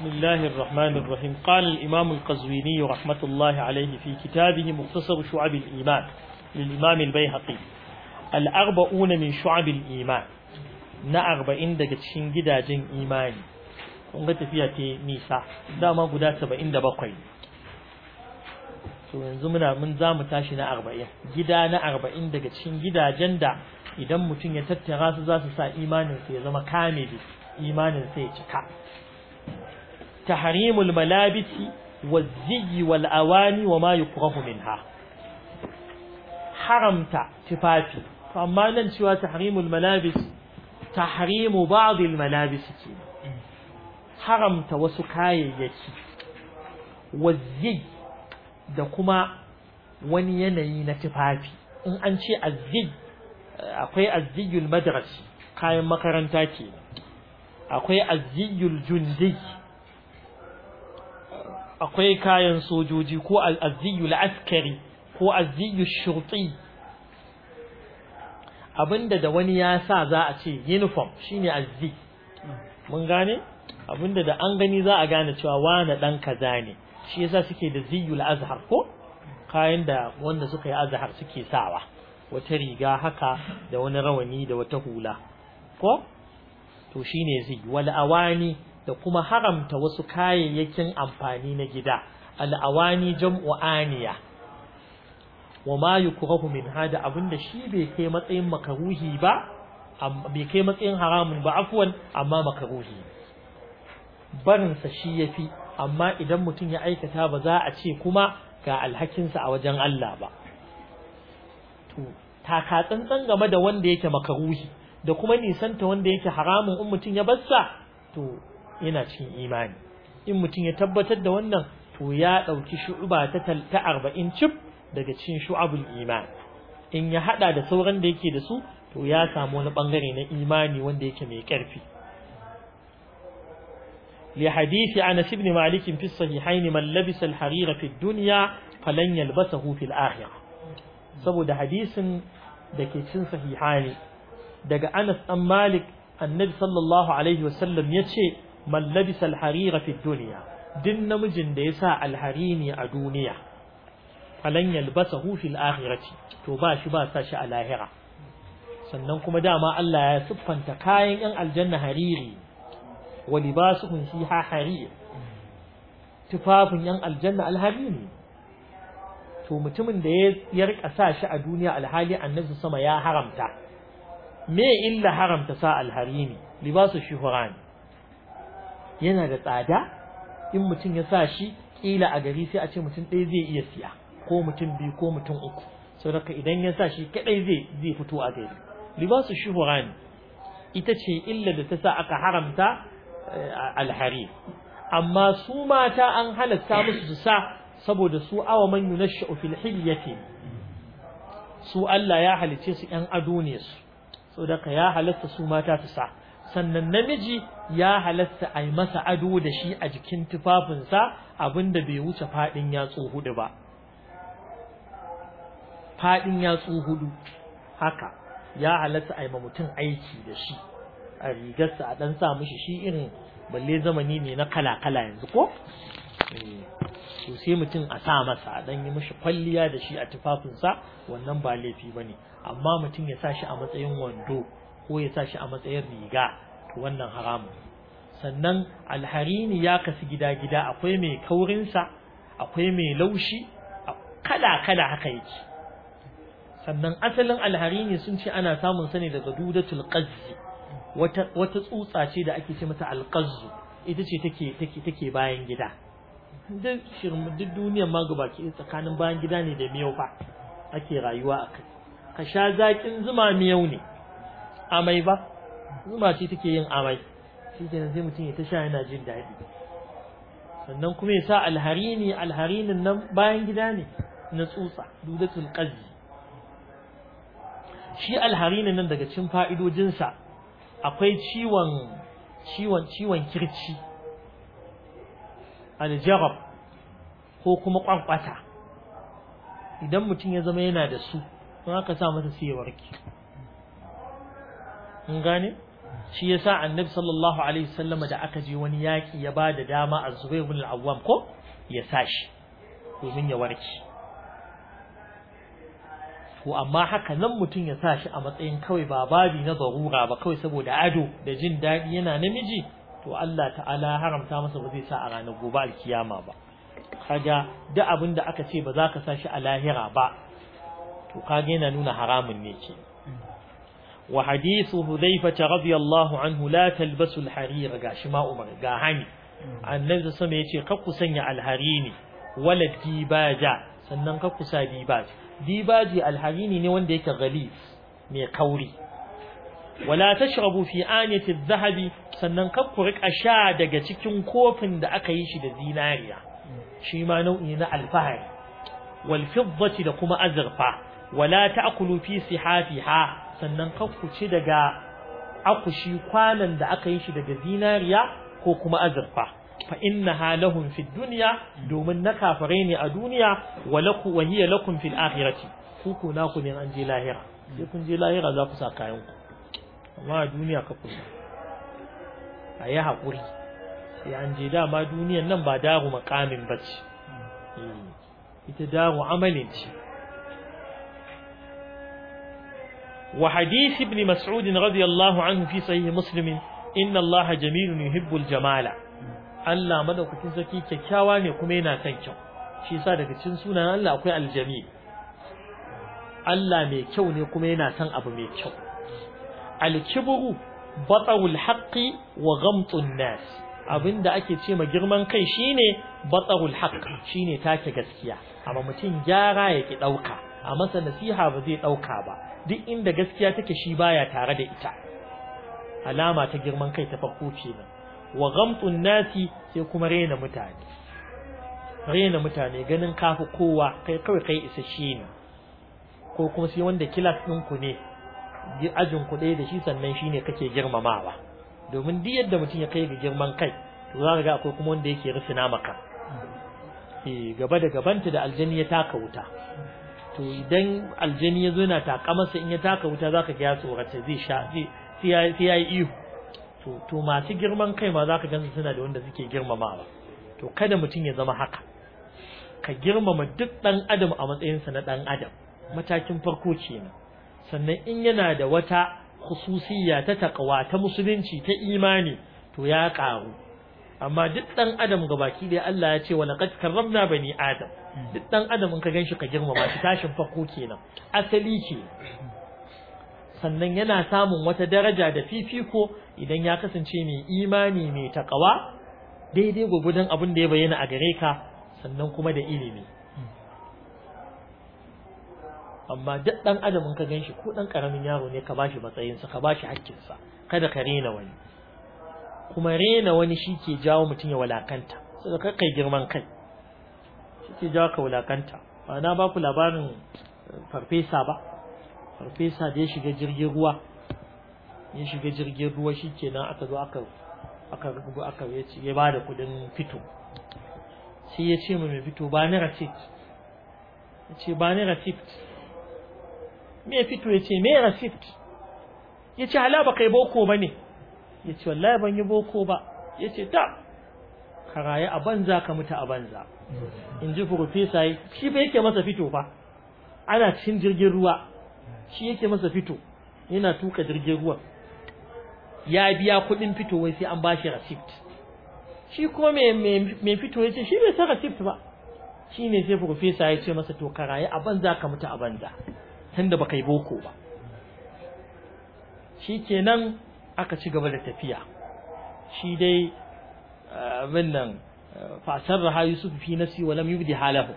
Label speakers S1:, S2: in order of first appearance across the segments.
S1: بسم الله الرحمن الرحيم قال الإمام القزويني رحمة الله عليه في كتابه مختصر شعب الإيمان للإمام البيهقي الأربعون من شعب الإيمان tafiya da bakwai to yanzu muna mun za mu tashi na arba'in gida na arba'in daga cikin gidajen da idan mutum ya tattara su za su sa imaninsa ya zama kamili imaninsa ya cika تحريم الملابس والزي والأواني وما يكره منها حرمت تفافي فأما ننشوى تحريم الملابس تحريم بعض الملابس حرمت وسكاية والزي دكما ونينين تفافي إن أنشي الزي أقوي الزي المدرسي kayan makaranta ke akwai aziyul jundi akwai kayan sojoji ko al'azziyu la'askari ko azziyu shurti abinda da wani ya sa za a ce uniform shine azzi mun gane abinda da an gani za a gane cewa wani dan kaza ne shi yasa suke da ziyul azhar ko kayan da wanda suka yi azhar suke sawa wata riga haka da wani rawani da wata hula ko to shine zai wal awani da kuma haramta wasu kayayyakin amfani na gida al'awani jam'u aniya wa ma yukrahu min hada abinda shi bai kai matsayin makaruhi ba bai kai matsayin haramun ba afwan amma makaruhi barinsa shi yafi amma idan mutum ya aikata ba za a ce kuma ga alhakinsa a wajen Allah ba to taka tsantsan game da wanda yake makaruhi da kuma nisanta wanda yake haramun in mutum ya barsa to yana cikin imani in mutum ya tabbatar da wannan to ya ɗauki shu'uba ta ta arba'in cif daga cikin shu'abul iman in ya haɗa da sauran da yake da su to ya samu wani ɓangare na imani wanda yake mai ƙarfi لحديث أنس بن مالك في fi من لبس الحرير في الدنيا فلن يلبسه في الآخرة saboda hadisin da ke cin sahihani daga Anas dan Malik annabi sallallahu alaihi wasallam yace man alharira fi duniya din namijin da ya sa alharini a duniya falan yalbasahu fil akhirati to ba shi ba sa shi a lahira sannan kuma dama Allah ya siffanta kayan yan aljanna hariri wa libasuhum fiha harir tufafin yan aljanna alhariri to mutumin da ya rika sa shi a duniya alhali annabi sama ya haramta me illa haramta sa alharimi libasu shuhrani yana da tsada in mutum ya sa shi kila a gari sai a ce mutum ɗaya zai iya siya ko mutum biyu ko mutum uku saboda idan ya sa shi kaɗai zai zai fito a gari libasu shuhuran ne ita ce illa da ta sa aka haramta eh, alhari amma su mata an halatta musu su sa saboda su awa man yunashsha'u fil hilyati su Allah ya halice su ƴan ado ne su ya halatta su mata su sa sannan namiji ya halatta a yi masa ado da shi a jikin tufafinsa abinda bai wuce faɗin yatsu hudu ba faɗin yatsu hudu haka ya halatta a yi mutum aiki da shi a rigarsa a ɗan sa mushi, shi irin balle zamani ne na kala-kala yanzu ko? Eh, to sai mutum a sa masa a ɗan yi mishi kwalliya da shi a tufafinsa wannan ba laifi ba ne amma mutum ya sa shi a matsayin wando ko ya sa shi a matsayin riga wannan haramun sannan alharini ya kasu gida-gida akwai mai kaurinsa akwai mai laushi kala-kala haka yake sannan asalin alharini sun ce ana samun sani daga dudatul qazzi wata wata tsutsa ce da ake ce mata alqazzu ita ce take take take bayan gida duk shirmu duk duniyar ma gaba ke tsakanin bayan gida ne da miyau fa ake rayuwa akai ka sha zakin zuma miyau ne amai ba zuma ce take yin amai shi ke sai mutum ya ta sha yana jin daɗi sannan kuma ya sa alhari alharini alharinin nan bayan gida ne na tsutsa dudatul qazi shi alharinin nan daga cin fa'idojinsa akwai ciwon ciwon kirci aljarab ko kuma kwankwata idan mutum ya zama yana da su don aka sa masa sai ya warke kun gane shi yasa annabi sallallahu alaihi wasallama da aka je wani yaki ya ba da dama a Zubair ibn al-Awwam ko ya sashi domin ya warke Ko amma haka nan mutum ya sashi a matsayin kawai ba babi na zarura ba kawai saboda ado da jin daɗi yana namiji to Allah ta'ala haramta masa ba zai sa a ranar gobe alkiyama ba kaga duk abin da aka ce ba za ka sashi a lahira ba to kaga yana nuna haramun ne ke wa hadithu hudhaifata radiyallahu anhu la talbasul harira gashi ma umar ga hani annabi sama yace kar ku sanya alharini walad dibaja sannan kar ku sa dibaj dibaji alharini ne wanda yake ghalif mai kauri wala tashrabu fi aniyati adh-dhahabi sannan kar ku rika sha daga cikin kofin da aka yi shi da zinariya shi ma nau'i na alfahari wal fiddati da kuma azurfa wala ta'kulu fi sihatiha sannan kakkuce daga akushi kwanan da aka yi shi daga zinariya ko kuma azurfa fa inna lahum fid dunya domin na kafare ne a duniya wa laku wa hiya lakum fil akhirati ku ku na ku ne an je lahira sai kun je lahira za ku sa kayan ku amma a duniya ka kusa a yi haƙuri sai an je dama duniyan nan ba daru makamin ce. Hmm. ita daru amalin ce وحديث ابن مسعود رضي الله عنه في صحيح مسلم إن الله جميل يحب الجمال Allah madaukakin sarki kyakkyawa ne kuma yana son kyau shi daga cikin sunan Allah akwai aljamil Allah mai kyau ne kuma yana son abu mai kyau alkibru batarul haqqi wa ghamtun nas abinda ake ce ma girman kai shine batarul haqq shine take gaskiya amma mutum gyara ya ki ɗauka. a masa nasiha ba zai ɗauka ba duk inda gaskiya take shi baya tare da ita alama ta girman kai ta farko kenan wa ghamtun nasi sai kuma rena mutane rena mutane ganin kafi kowa kai kawai kai isa shi ne ko kuma sai wanda kilas ɗinku ne ajin ku ɗaya da shi sannan shine kake girmamawa domin duk yadda mutum ya kai ga girman kai to za ka ga akwai kuma wanda yake rufina maka eh gaba da gabanta da aljanni ya taka wuta to idan aljani ya zo yana taka masa in ya taka wuta zaka ga ya tsorata zai sha zai sai yayi ihu to to masu girman kai ma zaka gansu suna da wanda suke girmamawa to kada mutum ya zama haka ka girmama duk dan adam a matsayinsa na dan adam matakin farko kenan sannan in yana da wata khususiyya ta taqwa ta musulunci ta imani to ya karu amma duk dan adam ga baki dai Allah ya ce wa laqad karramna bani adam duk dan adam in ka ganshi ka girmama shi tashin farko kenan asali ce sannan yana samun wata daraja da fifiko idan ya kasance mai imani mai takawa daidai gwagwadon abin da ya bayyana a gare ka sannan kuma da ilimi amma duk dan adam in ka ganshi ko dan karamin yaro ne ka bashi matsayin sa ka bashi hakkin sa kada ka rena wani kuma rena wani shi ke jawo mutum ya walakanta sai ka kai girman kai shi ke jawo ka walakanta ba na ba ku labarin eh, farfesa ba farfesa da ya shiga jirgin ruwa ya shiga jirgin ruwa shi nan aka zo aka aka rubu aka ya ba da kudin fito sai ya ce mai fito ba ni receipt ya ce ba ni receipt me fito ya ce me receipt ya ce hala ba kai boko ba ne ya ce wallahi ban yi boko ba ya ce ta ka rayu a banza ka mutu a banza in ji furofesa yi shi ba yake masa fito ba. ana cin jirgin ruwa shi yake masa fito yana tuka jirgin ruwa ya biya kuɗin fito wai sai an ba shi rasift shi kuma mai fito ya ce shi bai san rasift ba shi ne sai furofesa ya ce masa to ka rayu a banza ka mutu a banza tunda ba yi boko ba shi kenan aka ci gaba da tafiya shi dai abin nan fasar raha yusuf fi nafsi wa lam yubdi halahu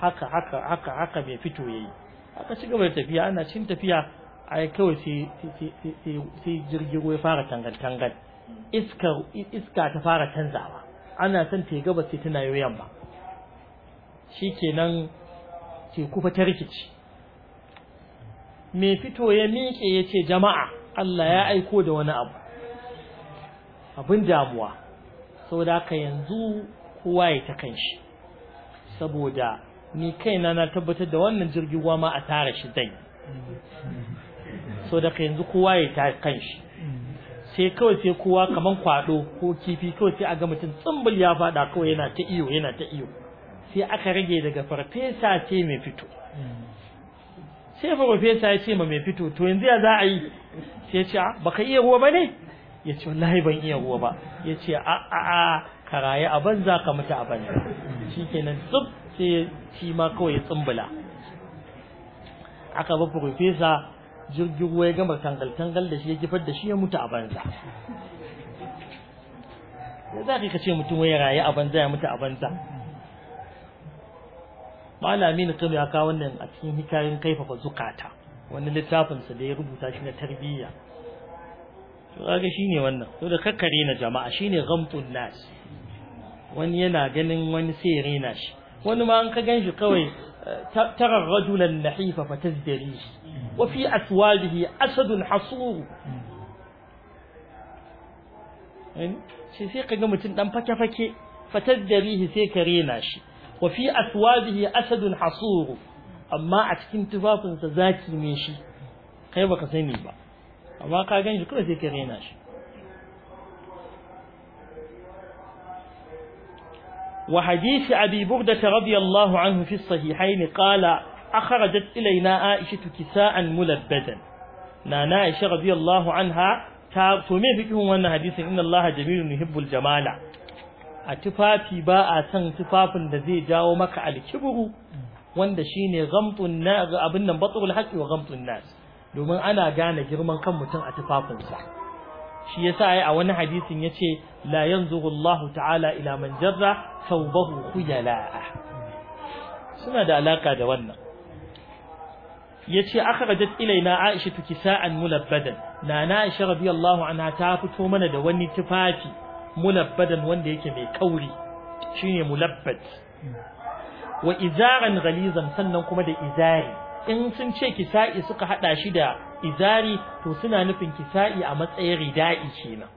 S1: haka haka haka haka bai fito yayi aka ci gaba da tafiya ana cin tafiya ai kawai sai sai jirgin ruwa ya fara tangal tangal iska iska ta fara canzawa ana son ta gaba sai tana yoyon ba shikenan teku kufa ta rikici mai fito ya miƙe ya ce jama'a Allah ya aiko da wani abu abin damuwa saboda ka yanzu kowa ya ta kanshi saboda ni kaina na tabbatar da wannan jirgin ruwa ma a tara shi zai saboda ka yanzu kowa ya ta kanshi sai kawai sai kowa kaman kwado ko kifi kawai sai a ga mutum tsimbul ya fada kawai yana ta iyo yana ta iyo sai aka rage daga farfesa sai mai fito sai farfesa ya ce ma mai fito to yanzu ya za a yi sai ya ce baka iya ruwa ba ne ya ce wallahi ban iya ruwa ba ya ce a a a ka raye a banza ka mutu a banza shikenan tsub sai ya ci ma kawai ya tsumbula aka ba farfesa jirgin ruwa ya gama tangal-tangal da shi ya gifar da shi ya mutu a banza ya za ka ce mutum wai raye a banza ya mutu a banza malami ne kuma ya kawo wannan a cikin hikayen kaifafa zukata wani littafin sa da ya rubuta shi na tarbiyya to kaga shine wannan to da kakkare na jama'a shine ghamtun nas wani yana ganin wani sai ya rena shi wani ma an ka ganshi kawai tara rajulan nahifa fatazdari wa fi aswalihi asadun hasur shi sai kaga mutum dan fake fake fatazdarihi sai ka rena shi wafi aswajihi asadun hasuru amma a cikin tufafinsa zaki ne shi kai baka sani ba amma ka gani kuma sai ka rena shi wa hadisi abi burda ta radiyallahu anhu fi sahihaini qala akhrajat ilaina aishatu kisaan mulabbadan nana aisha radiyallahu anha ta to me fikihun wannan hadisin inna jamilu jamilun yuhibbul jamala a tufafi ba a son tufafin da zai jawo maka alkibru wanda shine ne nas abin nan batrul haqqi wa nas domin ana gane girman kan mutum a tufafinsa shi yasa ai a wani hadisin yace la yanzuru Allah ta'ala ila man jarra thawbahu khuyala'a suna da alaka da wannan yace akhrajat ilaina Aisha kisa'an mulabbadan nana Aisha radiyallahu anha ta fito mana da wani tufafi mulabbadan wanda yake mai kauri shine mulabbad wa izaran ghalizan sannan kuma da izari in sun ce kisa'i suka hada shi da izari to suna nufin kisa'i a matsayin rida'i kenan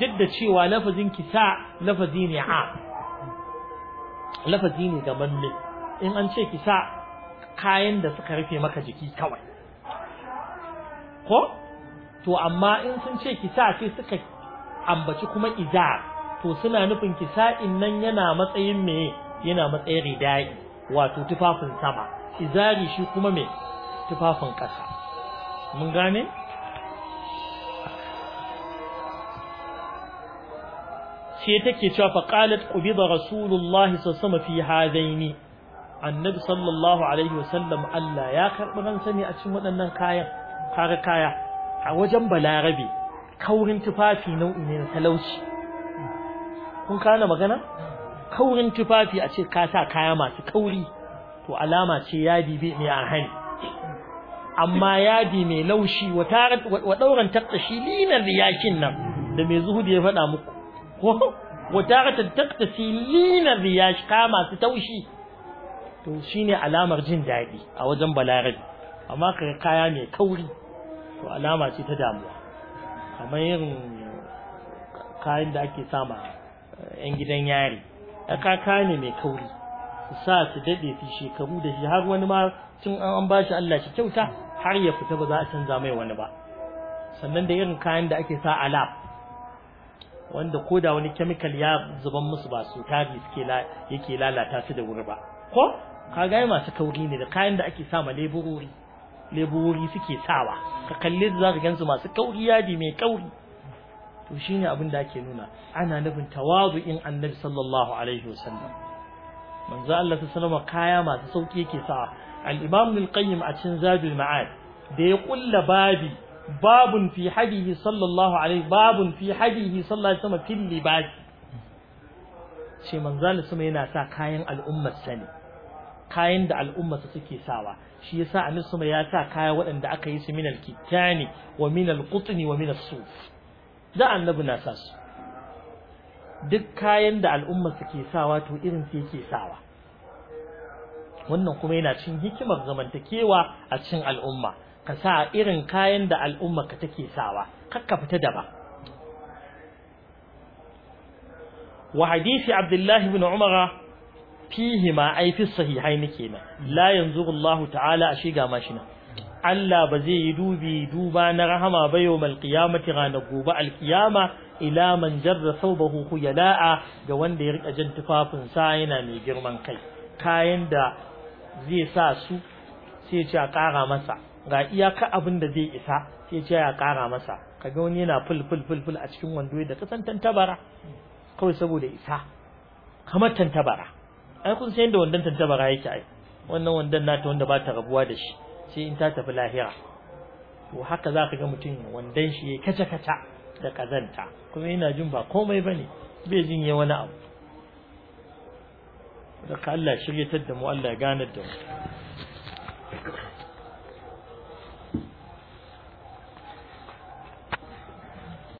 S1: duk da cewa lafazin kisa lafazi ne a lafazi ne gamanne in an ce kisa kayan da suka rufe maka jiki kawai ko to amma in sun ce kisa sai suka ambaci kuma izar to suna nufin kisa'in nan yana matsayin me yana matsayin ridai wato tufafin sama izari shi kuma me tufafin ƙasa mun gane sai take cewa fa qalat qubida rasulullah sallallahu alaihi fi hadaini annabi sallallahu alaihi wasallam Allah ya karɓi ransa ne a cikin waɗannan kayan kaga kaya a wajen balarabe kaurin tufafi nau'i ne na talauci kun kana magana kaurin tufafi a ce ka sa kaya masu kauri to alama ce yadi bai ne a hani amma yadi mai laushi wa ɗauran taktashi linar riyakin nan da mai da ya faɗa muku wa taratan taktashi linar riyashi ka masu taushi to shine alamar jin daɗi a wajen balarabi amma kaga kaya mai kauri to alama ce ta damuwa kamar yin kayan da ake sama eh, yan gidan yari kaka ne mai kauri sa su daɗe su shekaru da shi har wani ma tun an ba shi Allah shi kyauta har ya fita ba za a canza mai wani ba sannan da irin kayan da ake sa a lab wanda ko da wani kemikal ya zuban musu ba su tari suke yake lalata su da wuri ba ko kaga masu kauri ne da kayan da ake sa ma leburori leburori suke sawa ka kalli za ka gansu masu kauri yadi mai kauri to shine abin da ake nuna ana nufin tawazu'in annabi sallallahu alaihi wasallam manzo Allah ta sanama kaya masu sauki yake sa al-imam al-qayyim a cikin zadul ma'ad da ya kulla babi babun fi hadihi sallallahu alaihi babun fi hadihi sallallahu alaihi wasallam fil libas ce manzo Allah sama yana sa kayan al'ummar sani kayan da al'umma su suke sawa shi yasa annabi ya sa kaya waɗanda aka yi su min al-kitani wa min al-qutni wa min as-suf da annabi na sa su duk kayan da al'umma suke sawa to irin su yake sawa wannan kuma yana cin hikimar zamantakewa a cikin al'umma ka sa irin kayan da al'umma ka take sawa kakka fita daba wa hadisi abdullahi ibn umara fihi ma ai fi sahihai ne kenan la yanzu Allahu ta'ala ashe ga mashi nan Allah ba zai yi dubi duba na rahama ba yawmal qiyamati ranar gobe alkiyama ila man jarra thawbahu khuyala'a ga wanda ya rika jin tufafin sa yana mai girman kai kayan da zai sa su sai ya kara masa ga iyaka abin da zai isa sai ya kara masa kaga wani yana ful ful ful ful a cikin wando da kasan tantabara kawai saboda isa kamar tantabara ai kun san da wandan tantabara yake ai wannan wandan nata wanda ba ta rabuwa da shi sai in ta tafi lahira to haka za ka ga mutum wandan shi ya kace kaca da kazanta kuma yana jin ba komai bane bai jin ya wani abu da ka Allah shiryatar da mu Allah ya gane da mu